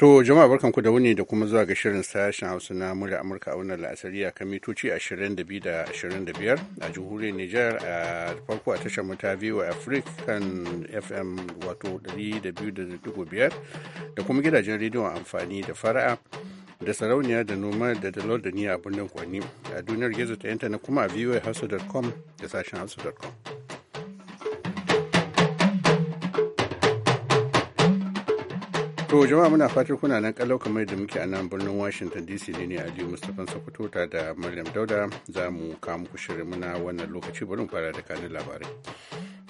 To jama'a barkanku da wuni da kuma zuwa ga shirin sashen Hausa na murya Amurka a wannan la'asari a kan mitoci 22 da 25 a jamhuriyar Nijar a farko a tashar mu ta VOA African FM wato 200.5 da kuma gidajen rediyon amfani da fara'a da sarauniya da noma da dalar da niya a birnin Kwani a duniyar gizo ta intanet kuma a voahausa.com da sashen hausa.com. To jama'a muna fatar kuna nan kalau kamar da muke a nan birnin Washington DC ne ne Aliyu Mustapha Sokoto ta da Maryam Dauda za mu kawo muku shirin muna wannan lokaci bari mu fara da kanin labarai.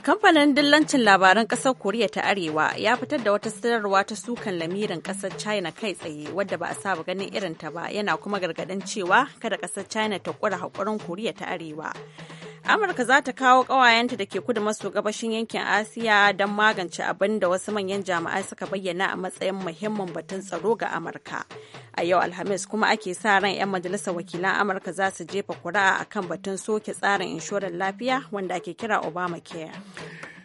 Kamfanin dillancin labaran kasar Koriya ta Arewa ya fitar da wata sanarwa ta sukan lamirin kasar China kai tsaye wadda ba a saba ganin irin ta ba yana kuma gargaɗin cewa kada kasar China ta kura haƙurin Koriya ta Arewa. amurka za ta kawo ƙawayenta da ke kudu maso gabashin yankin asiya don magance abin da wasu manyan jami'ai suka bayyana a matsayin muhimmin batun tsaro ga amurka a yau alhamis kuma ake sa ran 'yan majalisar wakilan amurka za su jefa kuri'a akan batun soke tsarin inshorar lafiya wanda ake kira obamacare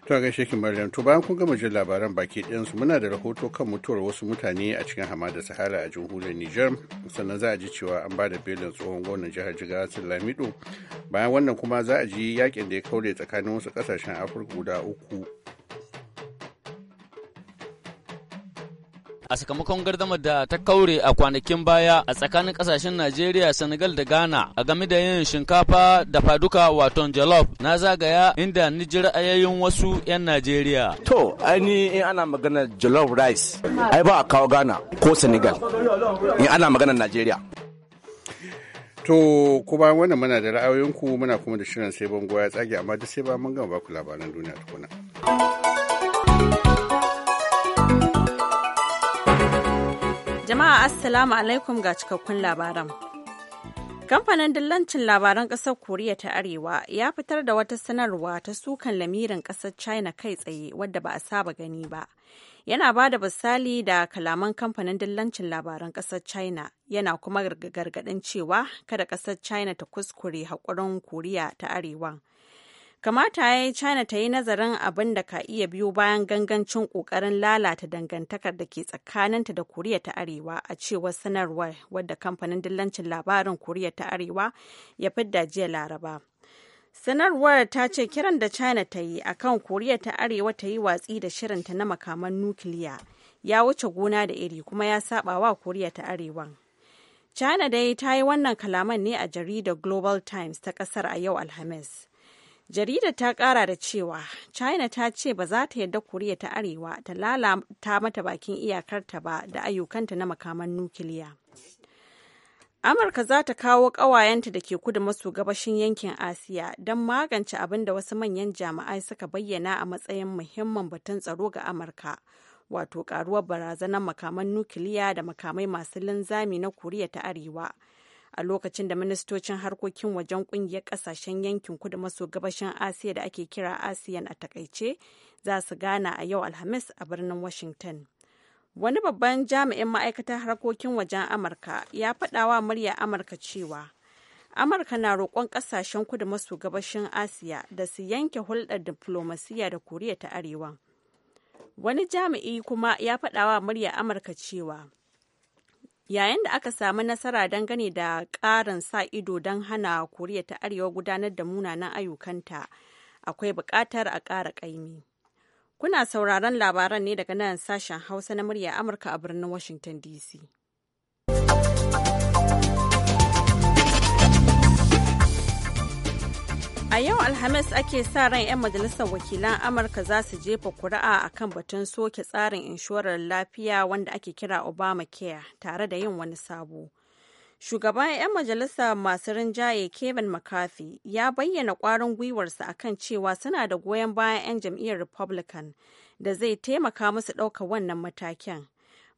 To a gaishe Maryam to bayan kun gama jin labaran baki su muna da rahoto kan mutuwar wasu mutane a cikin hamada Sahara a jamhuriyar Nijar sannan za a ji cewa an ba da belin tsohon gwamnan jihar Jigawa Lamido bayan wannan kuma za a ji yakin da ya kaure tsakanin wasu ƙasashen Afirka guda uku a sakamakon gardamar da ta kaure a kwanakin baya a tsakanin kasashen Najeriya, Senegal da Ghana a game da yin shinkafa da faduka wato jollof na zagaya inda ni ji ra'ayoyin wasu 'yan Najeriya. To, ni in ana magana jollof rice, ai ba a kawo Ghana ko Senegal in ana magana Najeriya. To, kuma wannan muna da ra'ayoyinku muna kuma da shirin sai bango ya tsage amma da sai ba mun gama ku labaran duniya tukuna. assalamu alaikum ga cikakkun labaran. Kamfanin dillancin labaran ƙasar Koriya ta Arewa ya fitar da wata sanarwa ta sukan lamirin ƙasar China kai tsaye wadda ba a saba gani ba. Yana ba da misali da kalaman kamfanin dillancin labaran ƙasar China yana kuma gargaɗin cewa kada ƙasar China ta kuskure haƙurin Koriya ta Arewa. kamata ya yi china ta yi nazarin abin da ka iya biyo bayan gangancin kokarin lalata dangantakar da ke tsakaninta da koriya ta arewa a cewar sanarwar wadda kamfanin dillancin labarin koriya ta arewa ya fidda jiya laraba sanarwar ta ce kiran da china ta yi akan koriya ta arewa ta yi watsi da shirinta na makaman nukiliya ya wuce gona da iri kuma ya saba wa koriya ta arewan china dai ta yi wannan kalaman ne a jaridar global times ta kasar a yau alhamis jaridar ta kara da cewa china ta ce ba za ta yarda koriya ta arewa ta lalata mata bakin iyakarta ba da ayyukanta na makaman nukiliya amurka za ta kawo ƙawayenta da ke kudu maso gabashin yankin asiya don magance abin da wasu manyan jami'ai suka bayyana a matsayin muhimmin batun tsaro ga amurka wato karuwar barazanar makaman nukiliya da makamai masu linzami na koriya ta arewa a lokacin da ministocin harkokin wajen kungiyar kasashen yankin kudu maso gabashin asiya da ake kira asiyan a takaice za su gana a yau alhamis a birnin washington wani babban jami'in ma'aikatar harkokin wajen amurka ya faɗawa murya amurka cewa amurka na roƙon ƙasashen kudu maso gabashin asiya da su yanke hulɗar diflomasiya da koriya ta arewa wani jami'i kuma ya faɗawa murya amurka cewa yayin da aka samu nasara dangane da ƙarin sa ido don hana koriya ta arewa gudanar da munanan ayyukanta akwai buƙatar a ƙara ƙaimi kuna sauraron labaran ne daga nan sashen hausa na murya amurka a birnin washington dc A yau Alhamis ake sa ran 'yan majalisar wakilan Amurka za su jefa kuri'a a kan batun soke tsarin inshorar lafiya wanda ake kira Obama Obamacare tare da yin wani sabo. Shugaban 'yan majalisa masu rinjaye Kevin McCarthy ya bayyana kwarin gwiwarsa a kan cewa suna da goyon bayan 'yan jam'iyyar Republican da zai taimaka musu ɗauka wannan matakin.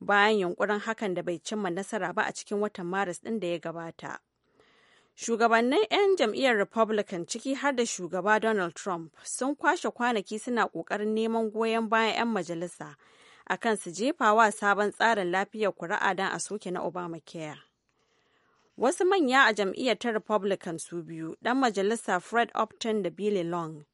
Bayan yunkurin hakan da bai cimma nasara ba a cikin watan Maris ɗin da ya gabata. Shugabannin 'yan jam'iyyar Republican ciki har da shugaba Donald Trump sun kwashe kwanaki suna ƙoƙarin neman goyon bayan 'yan majalisa a kan su jefawa sabon tsarin lafiyar kuri'a don a soke na Obamacare. Wasu manya a jam'iyyar ta Republican su biyu, 'dan majalisa Fred Upton da Billy Long,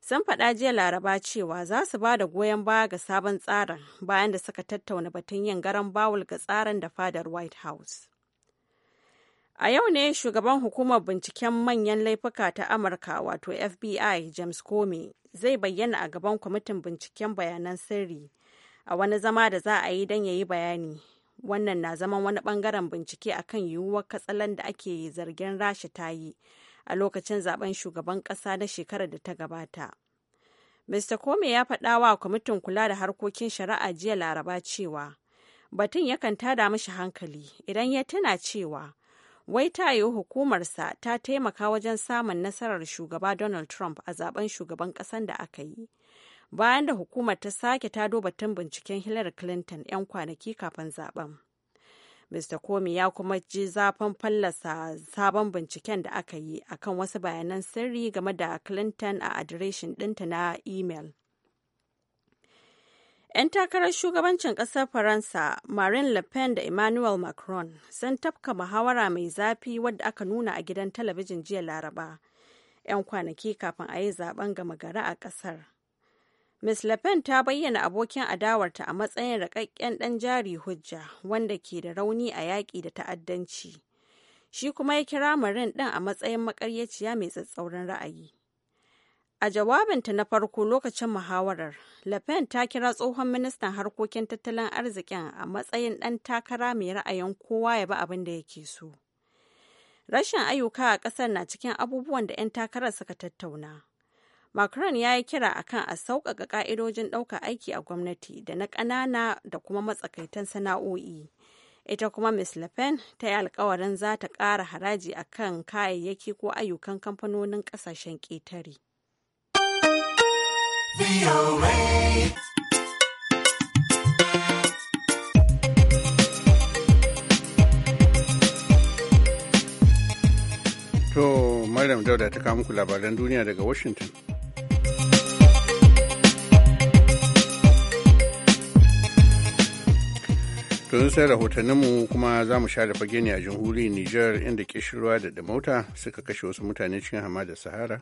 sun faɗa jiya laraba cewa za su ba da goyon baya ga sabon tsarin bayan da suka tattauna batun yin garan bawul ga tsarin da fadar White House. A yau ne shugaban hukumar binciken manyan laifuka ta Amurka wato FBI James Comey zai bayyana a gaban kwamitin binciken bayanan sirri a wani zama da za a yi don ya yi bayani. Wannan na zaman wani bangaren bincike a kan yiwuwar katsalan da ake zargin rashi ta yi a lokacin zaben shugaban ƙasa na shekarar da ta gabata. Mr. Comey ya faɗa wa kwamitin kula da harkokin shari'a jiya laraba cewa batun yakan tada mashi hankali idan ya tuna cewa wai ta yi hukumarsa ta taimaka wajen samun nasarar shugaba donald trump a zaben shugaban kasan da aka yi bayan da hukumar ta sake ta batun binciken hillary clinton 'yan kwanaki kafin zaben mr comey ya kuma ji zafin fallasa sabon binciken da aka yi akan wasu bayanan sirri game da clinton a adireshin ɗinta na imel 'Yan takarar shugabancin ƙasar Faransa, Marine Le Pen da Emmanuel Macron, sun tafka muhawara mai zafi wadda aka nuna a gidan talabijin jiya Laraba, 'yan kwanaki kafin a yi zaben gama gari a ƙasar. Ms. Le Pen ta bayyana abokin adawarta a matsayin rikakken ɗan jari hujja wanda ke da rauni a yaƙi da ta'addanci. Shi kuma ya kira Marin ɗin a matsayin makaryaciya mai tsatsauran ra'ayi. A jawabinta na farko lokacin muhawarar, Le Pen ta kira tsohon ministan harkokin tattalin arzikin a matsayin ɗan takara mai ra'ayin kowa ya ba abin da yake so. Rashin ayyuka a ƙasar na cikin abubuwan da 'yan takarar suka tattauna. Macron ya yi kira a kan a sauƙaƙa ƙa'idojin ɗaukar aiki a gwamnati da na ƙanana da kuma matsakaitan sana'o'i. Ita kuma Ms. Le Pen ta yi alƙawarin za ta ƙara haraji a kan kayayyaki ko ayyukan kamfanonin ƙasashen ƙetare. To Maryam Dauda ta kawo muku labaran duniya daga Washington. tun sai rahotanninmu kuma za mu share fage ne a jamhuriyar Nijar inda kishirwa da da mota suka kashe wasu mutane cikin da Sahara.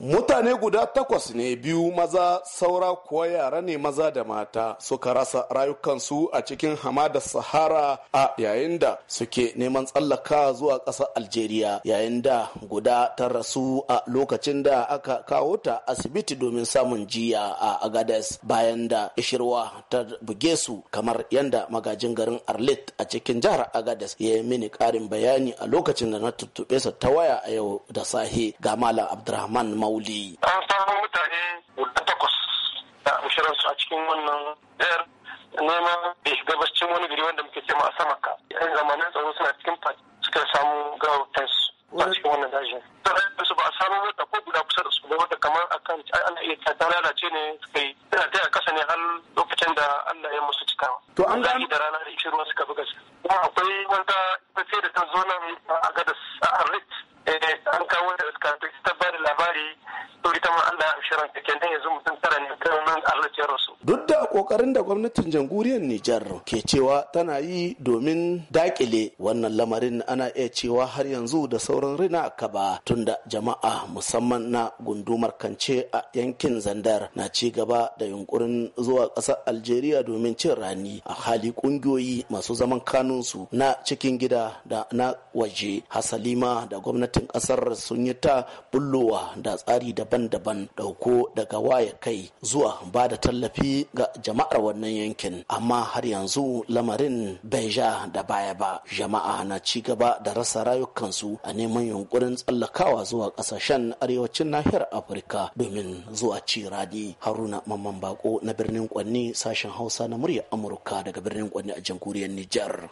mutane guda takwas ne biyu maza saura kuwa yara ne maza da mata suka rasa rayukansu a cikin hamadar sahara a yayin da suke neman tsallaka zuwa ƙasar algeria yayin da guda ta rasu a lokacin da aka kawo ta asibiti domin samun jiya a agades bayan da ishirwa ta buge su kamar yadda magajin garin arlit a cikin jihar agades ya yi mini ƙarin bayani a lokacin da na tuttuɓe sa ta waya a yau da sahe ga malam abdulrahman mauli an samu mutane guda takwas da a cikin wannan jihar neman da gabashin wani gari wanda muke cema a samaka yan zamanin tsaro suna cikin samu a cikin wannan dajin ba a samu wata ko guda kusa da su ba akan ana iya ta lalace ne suna taya kasa ne har lokacin da Allah ya musu cikawa to an ga da rana da suka buga kuma akwai wanda sai da ta zo nan a gadas a Arlit gwamnatin jamhuriyar Nijar ke cewa tana yi domin dakile wannan lamarin ana iya cewa har yanzu da sauran rina a kaba tunda jama'a musamman na gundumar kance a yankin Zandar na ci gaba da yunkurin zuwa ƙasar Algeria domin cin rani a hali ƙungiyoyi masu zaman kanunsu na cikin gida da na waje hasalima da gwamnatin ƙasar sun yi ta bullowa da tsari daban-daban dauko daga waya kai zuwa ba da tallafi ga jama'ar wannan wannan yankin amma har yanzu lamarin bai ja da baya ba jama'a na ci gaba da rasa rayukansu a neman yunkurin tsallakawa zuwa kasashen arewacin nahiyar afirka domin zuwa radi haruna mamman bako na birnin kwanni sashen hausa na murya amurka daga birnin kwanni a jamhuriyar nijar.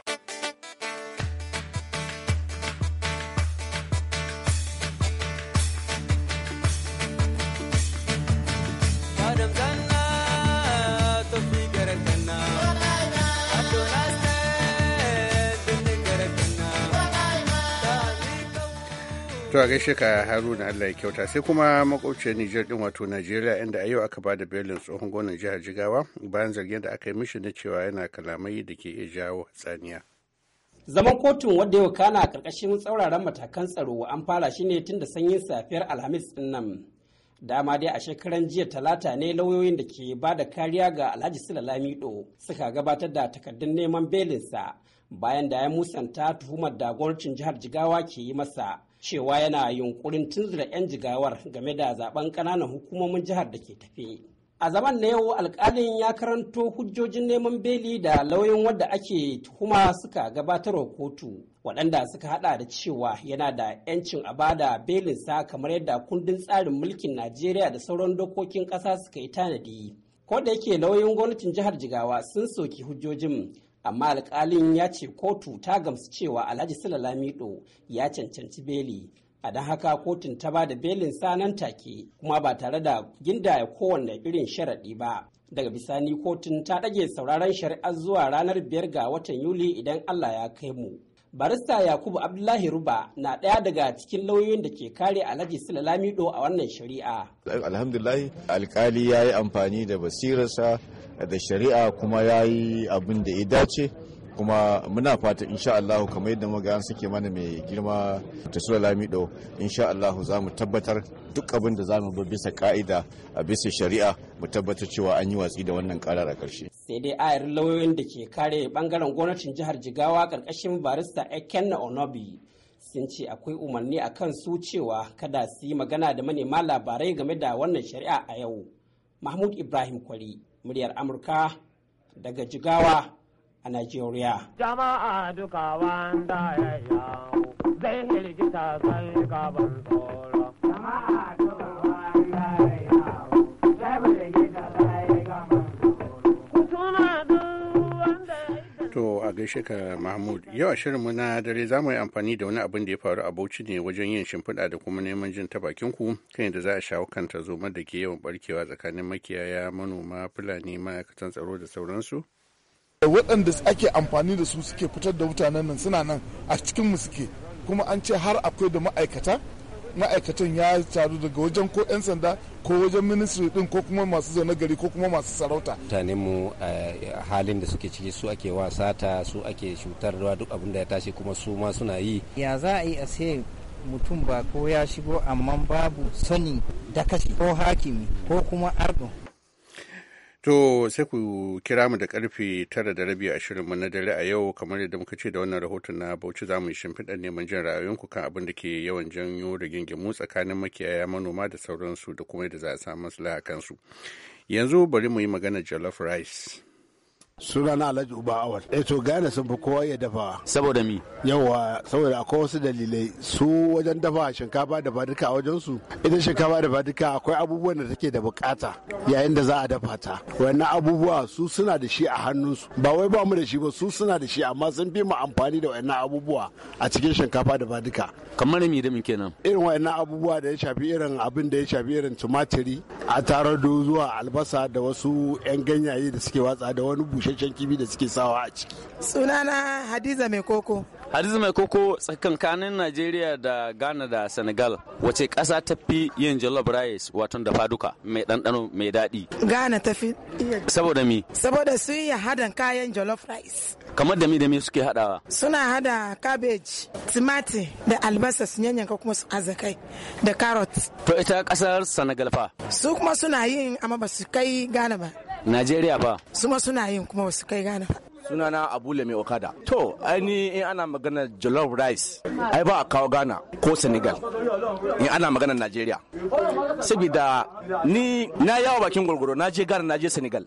To gaishe ka Haruna Allah ya kyauta sai kuma makwabciyar Nijar din wato Najeriya inda a yau aka bada belin tsohon gwamnan jihar Jigawa bayan zargin da aka yi mishi na cewa yana kalamai da ke iya jawo tsaniya. Zaman kotun wadda ya kana a karkashin tsauraran matakan tsaro an fara shi ne tun da sanyin safiyar Alhamis din nan. Dama dai a shekaran jiya talata ne lauyoyin da ke ba da kariya ga Alhaji Sula Lamido suka gabatar da takardun neman belinsa bayan da ya musanta tuhumar da gwamnatin jihar Jigawa ke yi masa cewa yana yunkurin tunzura 'yan jigawar game da zaben ƙananan hukumomin jihar da ke tafe. A zaman na yau alkalin ya karanto hujjojin neman beli da lauyin wadda ake tuhuma suka gabatar wa kotu waɗanda suka hada da cewa yana da 'yancin a bada belinsa kamar yadda kundin tsarin mulkin Najeriya da sauran dokokin ƙasa suka yi tanadi. Ko da yake lauyin gwamnatin jihar Jigawa sun soki hujjojin amma alkalin ya ce kotu ta gamsu cewa alhaji sila ya cancanci beli a don haka kotun ta ba da belin sanan take kuma ba tare da gindaya kowanne irin sharaɗi ba daga bisani kotun ta ɗage sauraron shari'ar zuwa ranar biyar ga watan yuli idan allah ya kai mu barista yakubu abdullahi ruba na ɗaya daga cikin lauyoyin da ke kare alhaji silalamido a wannan shari'a alhamdulahi alkali ya yi amfani da basirarsa da shari'a kuma ya yi abin da ya dace kuma muna fata insha Allah kamar yadda muga an suke mana mai girma ta tasura lamido insha Allah za mu tabbatar duk abin da za mu bi bisa ka'ida a bisa shari'a mu tabbatar cewa an yi watsi da wannan karar a ƙarshe. sai dai ayar lauyoyin da ke kare bangaren gwamnatin jihar jigawa karkashin barista ekenna onobi sun ce akwai umarni a kan su cewa kada su yi magana da manema labarai game da wannan shari'a a yau mahmud ibrahim kwari muryar amurka daga jigawa a Najeriya. Jama'a duka wanda ya zai gaban tsoro. Jama'a duka wanda ya zai gaban tsoro. To a gaishe ka Mahmud, yau shirin mu na dare za mu yi amfani da wani abin da ya faru a Bauchi ne wajen yin shimfiɗa da kuma neman jin ta bakin ku kan yadda za a shawo kan tarzoma da ke yawan barkewa tsakanin makiyaya manoma Fulani ma'aikatan tsaro da sauransu waɗanda ake amfani da su suke fitar da mutanen nan suna nan a cikinmu suke kuma an ce har akwai da ma'aikata ma'aikatan ya taru daga wajen ko 'yan sanda ko wajen ministry din ko kuma masu zaune gari ko kuma masu sarauta mutane mu eh, halin da suke ciki su ake wasa ta su ake cutarwa duk abin da ya tashi kuma su ma suna yi ya za a yi a sai mutum ba ko ya shigo amma babu sanin da kashi ko hakimi ko kuma ardo To sai ku kira mu da karfe tara da rabi a mu na dare a yau kamar yadda muka ce da wannan rahoton na Bauchi za mu yi shimfiɗar neman jin ku kan abin da ke yawan janyo rigingimu tsakanin makiyaya manoma da sauransu da kuma yadda za a samu maslaha kansu. Yanzu bari mu yi magana jollof rice. sunana alhaji uba awal eh to gane sun fi kowa ya dafa saboda mi yawa saboda akwai wasu dalilai su wajen dafa shinkafa da duka a wajen su idan shinkafa da duka akwai abubuwan da take da bukata yayin da za a dafa ta wannan abubuwa su suna da shi a hannunsu ba wai ba mu da shi ba su suna da shi amma sun fi mu amfani da wannan abubuwa a cikin shinkafa da duka kamar mi da mi kenan irin wannan abubuwa da ya shafi irin abin da ya shafi irin tumatiri a tarar zuwa albasa da wasu yan ganyaye da suke watsa da wani bushe busasshen kibi da suke sawa a ciki sunana hadiza mai koko hadiza mai koko tsakankanin najeriya da ghana da senegal wace ƙasa ta fi yin jollof rice watan da faduka mai ɗanɗano mai daɗi ghana ta fi saboda mi saboda su yi hadan kayan jollof rice kamar da mi da mi suke hadawa suna hada cabbage timati da albasa su yanyanka kuma su azakai da carrot to ita ƙasar senegal fa su kuma suna yin amma ba su kai ghana ba Najeriya ba. Suma suna yin kuma wasu kai gana. Suna sunana abu mai okada to ni in ana magana jollof rice ai ba a kawo ghana ko senegal in ana magana nigeria saboda ni na yawo bakin gwargwaro na je ghana na je senegal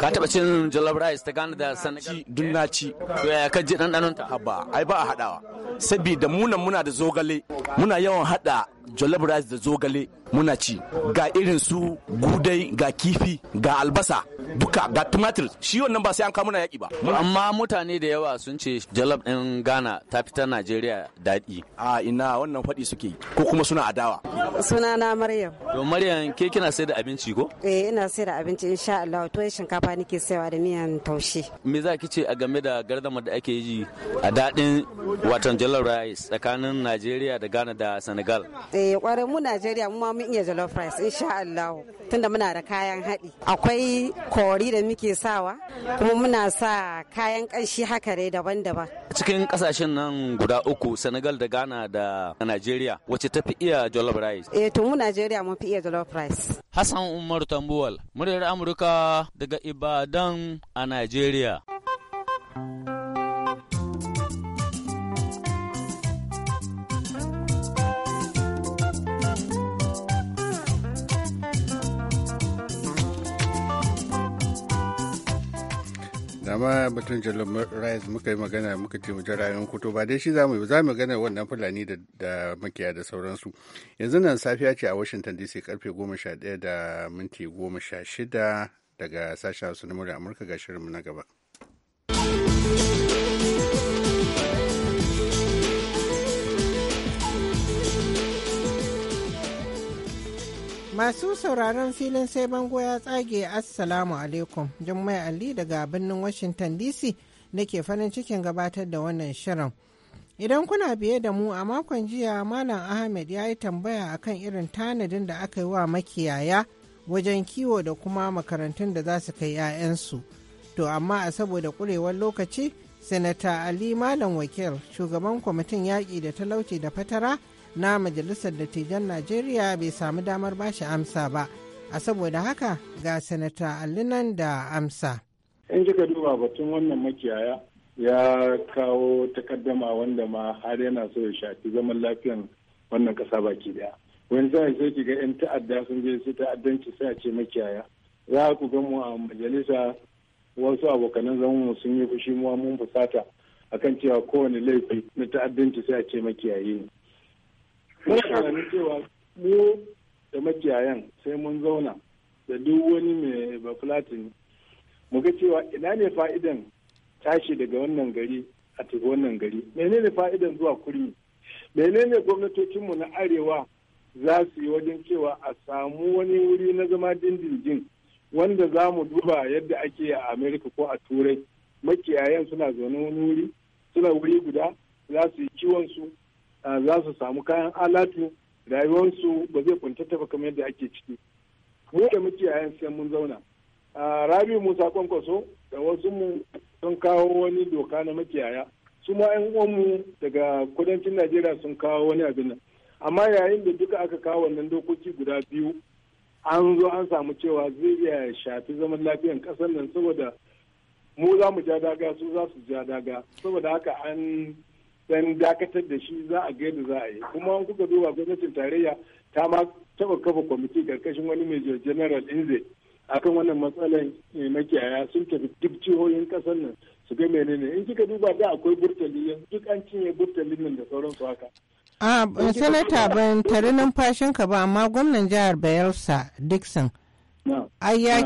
ka taba cin jollof rice ta ghana da senegal dun na ci to ya kaje dandanon ta haba ai ba a hadawa saboda muna muna da zogale muna yawan hada jollof rice da zogale muna ci ga irin su gudai ga kifi ga albasa duka ga tumatir shi wannan ba sai an kamuna yaki ba amma mutane da yawa sun ce jollof din Ghana ta fita nigeria daɗi a ina wannan faɗi suke ko kuma suna adawa suna na Maryam to Maryam ke kina sai da abinci ko eh ina sai da abinci insha Allah to shinkafa nake saiwa da miyan taushe me za ki ce a game da gardama da ake yi a daɗin watan jollof rice tsakanin Najeriya da Ghana da Senegal. Eh kwarai mu Najeriya mu ma mun iya jollof rice insha Allah tunda muna da kayan haɗi. Akwai kori da muke sawa kuma muna sa kayan ƙanshi haka dai daban-daban. Cikin ƙasashen nan guda uku Senegal da Ghana da Najeriya wace ta fi iya jollof rice? Eh to mu Najeriya mun fi iya jollof rice. Hassan Umar Tambuwal, muryar Amurka daga Ibadan a Najeriya. thank you dama batun jalon rais muka yi magana muka ce wajen rayuwar kuto ba dai shi za mu yi za mu gana wannan fulani da makiya da sauransu yanzu nan safiya ce a washington dc karfe 11 da minti 16 daga sashen hausa na amurka ga shirinmu na gaba Masu sauraron filin sai bango ya tsage Assalamu alaikum. Jummai Ali daga birnin Washington DC ke farin cikin gabatar da wannan shirin. Idan kuna biye da mu a makon jiya Malam Ahmed ya yi tambaya akan irin tanadin da aka yi wa makiyaya wajen kiwo da kuma makarantun da za su kai 'ya'yansu. To amma a saboda kurewar lokaci, senator Ali Malam Wakil, shugaban kwamitin yaƙi da talauci da fatara, na majalisar dattijan najeriya bai samu damar bashi amsa ba a saboda haka ga sanata allinan da amsa in kika duba batun wannan makiyaya ya kawo takaddama wanda ma har yana so ya shafi zaman lafiyan wannan kasa baki daya wani za sai ki ga yan ta'adda sun je su ta'addanci sai a ce makiyaya za ku ga mu a majalisa wasu abokanan zaman mu sun yi fushi mu mun fusata akan cewa kowane laifi na ta'addanci sai a ce makiyaye ne mun tunanin cewa mu da makiyayan sai mun zauna da duk wani mai bafulatini mu ga cewa ina ne fa'idan tashi daga wannan gari a tafi wannan gari menene fa'idan zuwa kurmi menene gwamnatocinmu na arewa za su yi wajen cewa a samu wani wuri na zama dindindin wanda za mu duba yadda ake a amerika ko a turai makiyayan suna zaune wani wuri suna wuri guda za su yi kiwon su za su samu kayan alatu rayuwarsu ba zai kuntata ba kamar yadda ake ciki mu da muke yan sai mun zauna rabi musa kwankwaso da wasu mu sun kawo wani doka na makiyaya su ma yan uwanmu daga kudancin najeriya sun kawo wani abin nan amma yayin da duka aka kawo wannan dokoki guda biyu an zo an samu cewa zai iya shafi zaman lafiyan kasar nan saboda mu za mu ja daga su za su ja daga saboda haka an dan dakatar da shi za a gani za a yi kuma an kuka duba gwamnatin tarayya ta ma taba kafa kwamiti karkashin wani major general inze akan wannan matsalar eh, makiyaya sun tafi duk jihohin kasar nan su ga menene in kika duba da akwai burtali yanzu duk an cinye burtalin nan da sauransu haka ah, a sanata ban tare numfashin ka ba amma gwamnan jihar bayelsa dixon ai ya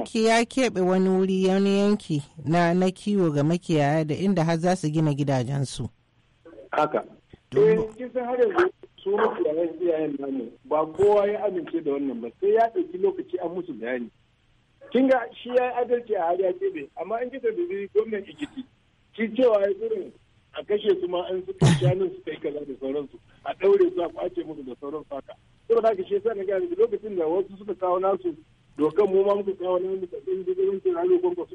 keɓe wani wuri wani yanki na kiwo ga makiyaya da inda har za su gina gidajensu. haka eh kisan har yanzu su mutanen iyayen namu ba kowa ya amince da wannan ba sai ya ɗauki lokaci an musu bayani kin ga shi ya yi adalci a hariya Kebe, amma in kisa da zai gwamnan ikiti shi cewa ya irin a kashe su ma an suka shanun su kai kaza da sauransu a ɗaure su a kwace musu da sauransu haka saboda haka shi yasa na gani lokacin da wasu suka kawo nasu dokan mu ma muka kawo namu da ɗin da ɗin da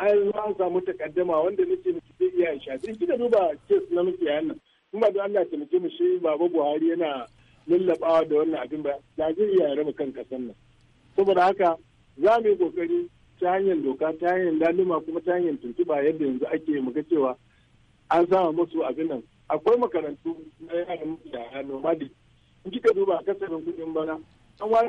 an an samu takaddama wanda nake miki zai iya in sai kika duba kes na muke nan in ba Allah ya taimake mu shi baba Buhari yana lullabawa da wannan abin ba da zai iya raba kan kasan nan saboda haka za mu yi kokari ta hanyar doka ta hanyar laluma kuma ta hanyar tuntuba yadda yanzu ake ga cewa an sama musu abin nan akwai makarantu na yaran mutane noma da in kika duba kasarin kudin bana an ware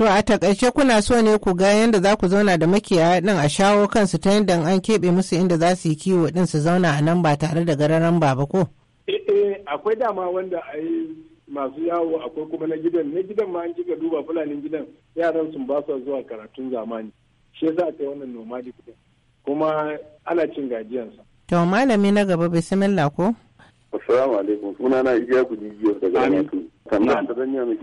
To a takaice kuna so ne ku ga yadda za ku zauna da makiyaya din a shawo kansu ta yadda an keɓe musu inda za su yi kiwo din su zauna a nan ba tare da gararan ba ba ko? Eh, eh akwai dama wanda a yi masu yawo akwai kuma na gidan na gidan ma an kika duba fulanin gidan yaran sun ba su zuwa karatun zamani shi za a kai wannan nomadic din kuma ana cin gajiyansa. To malami na gaba bismillah ko? Assalamu alaikum sunana Iyaku Jijiyar daga Amatu. Sannan ta zanya mai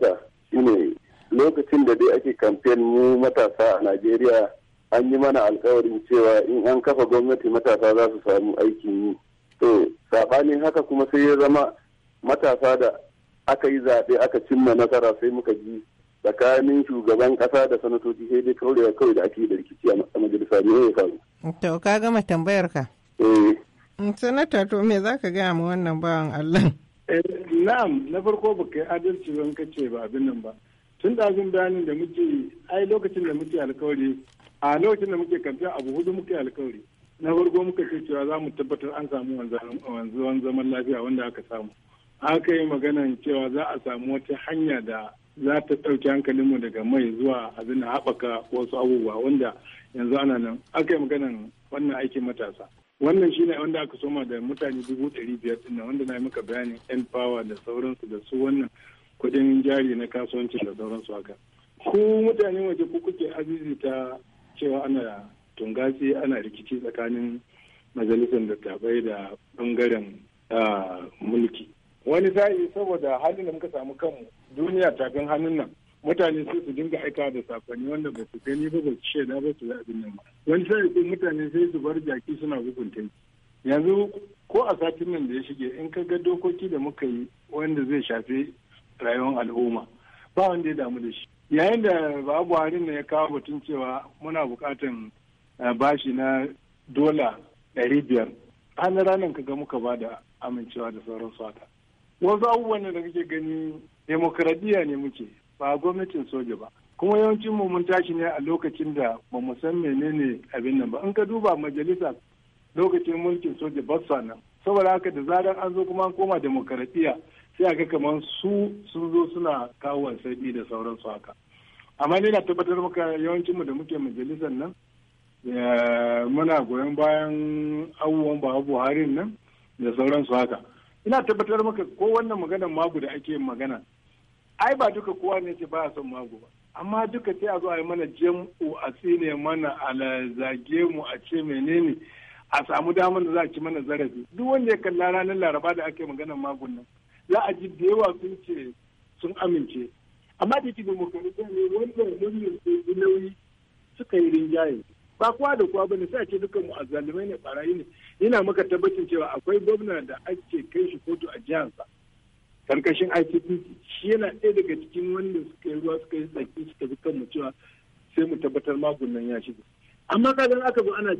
ta shi shine lokacin da dai ake kamfen mu matasa a najeriya an yi mana alkawarin cewa in an kafa gwamnati matasa za su samu aikin yi to saɓanin haka kuma sai ya zama matasa da aka yi zaɓe aka cimma nasara sai muka ji tsakanin shugaban ƙasa da sanatoci sai dai kawai kawai da ake da rikici a majalisa ne ya faru. to ka gama tambayar ka. Eh. Mm, sanata to me za ka gaya ma wannan bawan allah. Eh, na'am na farko ba yi adalci ban kace ba abin nan ba tun da azun bayanin da muke ai lokacin da muke alkawari a lokacin da muke kamfen abu hudu muke alkawari na farko muka ce cewa za mu tabbatar an samu wanzuwan zaman lafiya wanda aka samu aka yi maganan cewa za a samu wata hanya da za ta ɗauki hankalinmu daga mai zuwa abin haɓaka wasu abubuwa wanda yanzu ana nan aka yi maganan wannan aikin matasa wannan shine wanda aka soma da mutane dubu ɗari biyar ɗin wanda na yi maka bayanin yan power da sauransu da su wannan kuɗin jari na kasuwanci da sauransu haka ku mutane waje ku kuke azizi ta cewa ana tungasi ana rikici tsakanin majalisar dattabai da bangaren mulki wani sa'i saboda halin da muka samu kanmu duniya tafin hannun nan mutane sai su dinga aika da sakonni wanda ba su gani ba ba su shaida ba su abin nan ba wani sa'i sai mutane sai su bar jaki suna hukunta yanzu ko a satin nan da ya shige in ka ga dokoki da muka yi wanda zai shafi rayuwar al'umma ba wanda ya damu da shi yayin da babu buhari ne ya kawo batun cewa muna bukatan eh, bashi na dola ɗari biyar an ranar ka ga muka ba da amincewa da sauran sata. wasu abubuwan da kake gani demokradiyya ne muke ba gwamnatin soja ba kuma yawancin mu mun tashi ne a lokacin da ba mu san menene abin nan ba in ka duba majalisa lokacin mulkin soja ba nan saboda haka da zarar an zo kuma an koma demokradiyya sai aka kamar su sun zo suna kawo wasanni da sauransu haka amma ni na tabbatar maka yawancin mu da muke majalisar nan eh, muna goyon bayan abubuwan ba buharin nan da sauransu haka ina tabbatar maka ko wannan maganar magu da ake magana ai ba duka kowa ne ce ba son magu ba amma duka sai a zo a yi mana jam'u a tsine mana ala mu a ce menene a samu damar da za a ci mana zarafi duk wanda ya kalla ranar laraba da ake maganar magun nan za a ji da yawa sun ce sun amince amma da yake demokaradiyya ne wanda wannan sai nauyi suka yi rinjaye ba kuwa da kowa bane sai a ce dukan mu zalumai ne barayi ne yana maka tabbacin cewa akwai gwamna da ake kai shi kotu a jihansa karkashin ICPC shi yana ɗaya daga cikin wanda suka yi ruwa suka yi tsaki suka bi mu cewa sai mu tabbatar magunan ya shiga. amma ka aka zo ana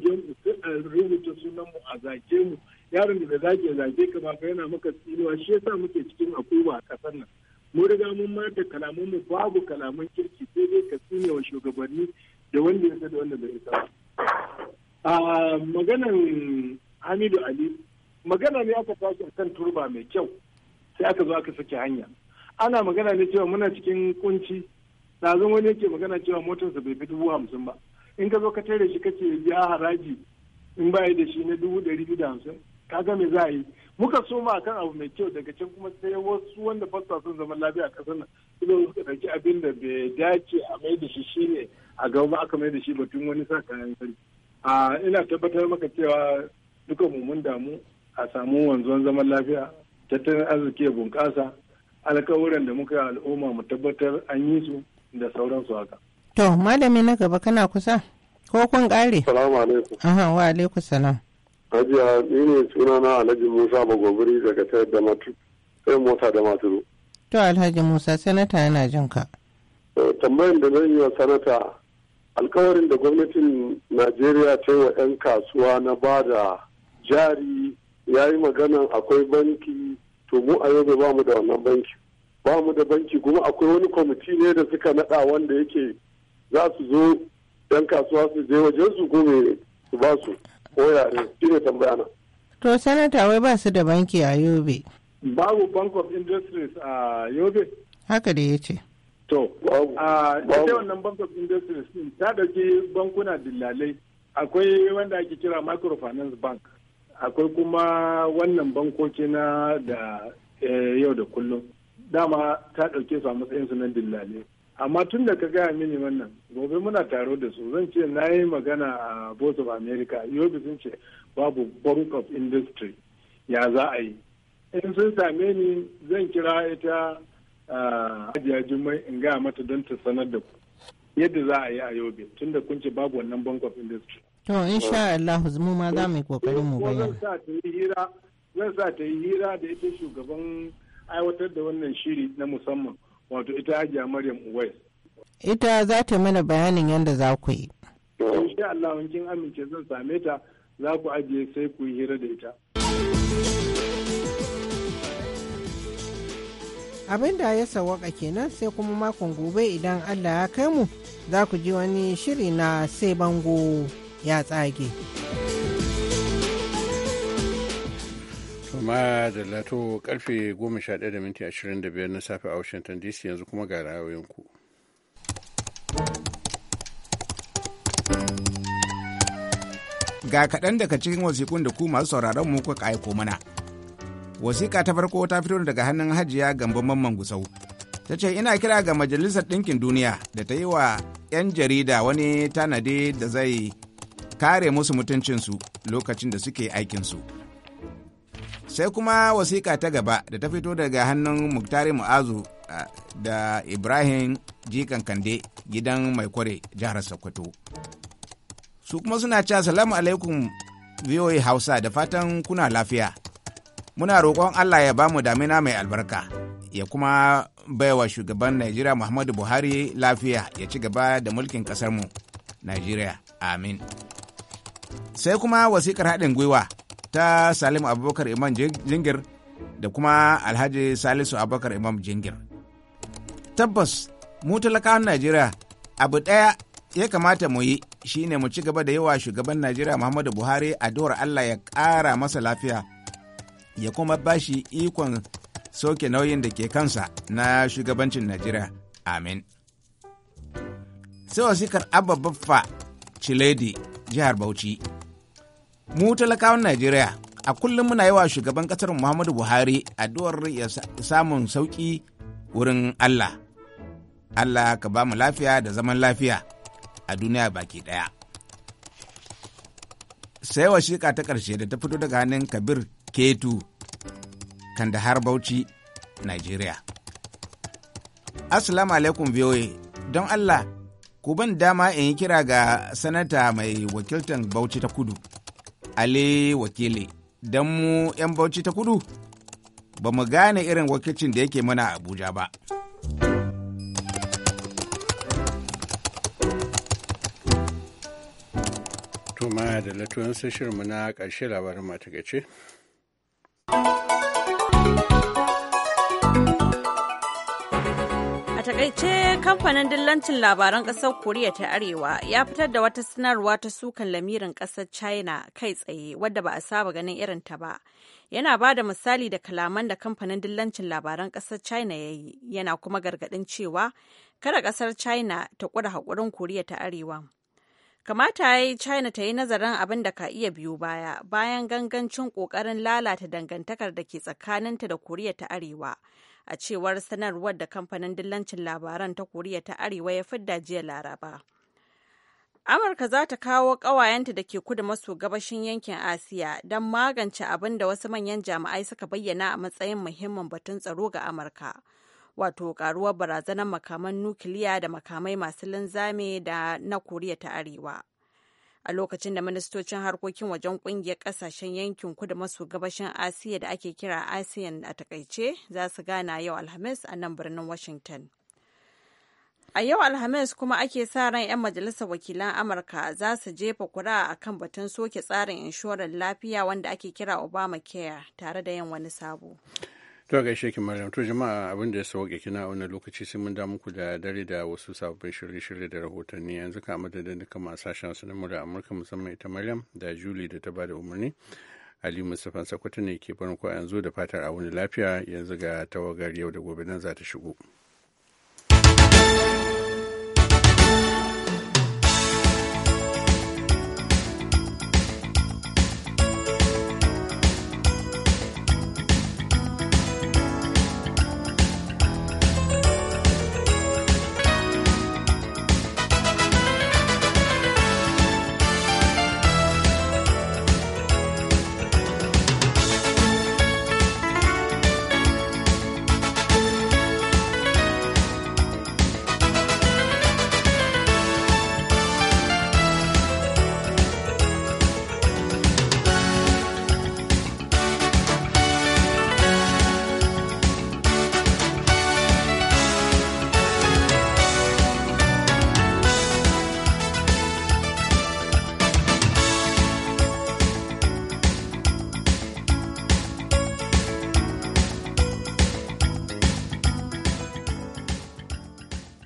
rubuta sunan mu a zage mu yaron da zaki zage zage ka ba yana maka tsinuwa shi yasa muke cikin akuba a kasar nan mun riga mun ma da kalaman mu babu kalaman kirki sai dai ka tsine wa shugabanni da wanda ya da wanda bai isa a maganan Hamidu Ali magana ne aka tashi kan turba mai kyau sai aka zo aka saki hanya ana magana ne cewa muna cikin kunci na zan wani yake magana cewa motarsa bai fi dubu hamsin ba in ka zo ka tare shi kace ya haraji in baya da shi na dubu ɗari biyu da hamsin ka ga me za a yi muka soma kan abu mai kyau daga can kuma sai wasu wanda fasta sun zama lafiya a ƙasar nan suka suka ɗauki abin da bai dace a mai da shi shine a gaba aka mai da shi batun wani sa kayan sarki a ina tabbatar maka cewa duka mu mun damu a samu wanzuwan zaman lafiya tattalin arziki ya bunƙasa alkawuran da muka al'umma mu tabbatar an yi su da sauransu haka. To malami na gaba kana kusa ko kun ƙare? Salamu alaikum. wa alaikum salam. Hajiya ni ne sunana Alhaji Musa Bagobiri daga ta da matu sai mota da maturu. To Alhaji Musa sanata yana jin ka. Tambayar da zan yi wa sanata alkawarin da gwamnatin Najeriya ta yi wa 'yan kasuwa na ba da jari ya yi magana akwai banki to mu a yau ba mu da wannan banki. Ba mu da banki kuma akwai wani kwamiti ne da suka naɗa wanda yake za su zo 'yan kasuwa su je wajen su gome su ba su. ko yare shi ne tambaya na. To sanata wai ba su da banki a Yobe. Babu Bank of Industries a Yobe? Haka da ya ce. To, a ita wannan Bank of Industries ta ɗauki bankuna dillalai. Akwai wanda ake kira Microfinance Bank. Akwai kuma wannan bankoki na da eh, yau da kullum. Dama ta ɗauke su a matsayin su na dillalai. amma tun da ka gaya mini wannan gobe muna taro da su zan ce na yi magana a board of america yobe sun ce babu bank of industry ya za a yi in sun same ni zan kira ita hajiya jimai in gaya mata don ta sanar da ku yadda za a yi a yobe tun da kun ce babu wannan bank of industry to sha Allah mu ma za mu yi kokarin mu bayyana zan sa ta yi hira da ita shugaban aiwatar da wannan shiri na musamman wato ita hajiya maryam uwais ita za ta mana bayanin yadda za ku yi insha Allah in kin amince zan same ta za ku ajiye sai ku yi hira da ita abin da ya sawaka kenan sai kuma makon gobe idan Allah ya kai mu za ku ji wani shiri na sai bango ya tsage. da lato karfe 11:25 na safe a washington dc yanzu kuma ga ra'ayoyinku ga kaɗan daga cikin wasikun da ku masu sauraron mu kuka aiko mana wasiƙa ta farko ta fito daga hannun hajiya gamban mamman gusau ta ce ina kira ga majalisar ɗinkin duniya da ta yi wa 'yan jarida wani tanade da zai kare musu mutuncinsu lokacin da suke aikinsu. su sai kuma wasiƙa ta gaba da ta fito daga hannun muktari mu'azu da ibrahim jikan kande gidan mai kware jihar sokoto su kuma suna cewa salamu alaikum voa hausa da fatan kuna lafiya muna roƙon allah ya bamu damina mai albarka ya kuma baiwa shugaban najeriya muhammadu buhari lafiya ya ci gaba da mulkin ƙasarmu najeriya amin sai kuma wasiƙar haɗin gwiwa ta Salimu abubakar imam jingir da kuma alhaji salisu abubakar imam jingir tabbas mu talakawan najeriya abu ɗaya ya kamata mu yi shine mu ci gaba da yawa shugaban najeriya muhammadu buhari addu'ar allah ya ƙara masa lafiya ya kuma ba shi ikon soke nauyin da ke kansa na shugabancin najeriya amin sai wasikar abba baffa ciledi jihar bauchi mu talakawan najeriya a kullum muna yi wa shugaban kasar muhammadu buhari addu'ar ya samun sauki wurin allah allah ka ba mu lafiya da zaman lafiya a duniya baki ɗaya. sai wasiƙa ta ƙarshe da ta fito daga hannun kabir ketu kandahar bauchi najeriya assalamu alaikum voa don allah ku ban dama in yi kira ga sanata mai wakiltan bauchi ta kudu Ale wakili don mu 'yan Bauchi ta kudu ba mu gane irin wakilcin da yake mana Abuja ba. Tuma da latuwan shirinmu na ƙarshe labarin gace. takaice kamfanin dillancin labaran ƙasar koriya ta arewa ya fitar da wata sanarwa ta sukan lamirin ƙasar china kai tsaye wadda ba a saba ganin irin ta ba yana ba da misali da kalaman da kamfanin dillancin labaran ƙasar china ya yi yana kuma gargaɗin cewa kada ƙasar china ta ƙura haƙurin koriya ta arewa kamata ya yi china ta yi nazarin abin da ka iya biyu baya bayan gangancin ƙoƙarin lalata dangantakar da ke tsakaninta da koriya ta arewa a cewar sanarwar da kamfanin dillancin labaran ta koriya ta arewa ya fidda jiya laraba amurka za ta kawo ƙawayenta da ke kudu maso gabashin yankin asiya don magance abin da wasu manyan jami'ai suka bayyana a matsayin muhimmin batun tsaro ga amurka wato karuwar barazanar makaman nukiliya da makamai masu linzame da na koriya ta arewa a lokacin da ministocin harkokin wajen kungiyar kasashen yankin kudu maso gabashin asiya da ake kira asiyan a takaice za su gana yau alhamis a nan birnin washington a yau alhamis kuma ake sa ran 'yan majalisar wakilan amurka za su jefa kura a kan batun soke tsarin inshorar lafiya wanda ake kira obamacare tare da yin wani sabo To gaishe ki Maryam to jama'a abin da ya sauke kina a wani lokaci sai mun da muku da dare da wasu sababbin shirye-shirye da rahotanni yanzu ka da duka masu sashen su na murya Amurka musamman ita Maryam da Julie da ta bada umarni. Ali Mustapha Sakwato ne ke barin ko yanzu da fatar a wani lafiya yanzu ga tawagar yau da gobe nan za ta shigo.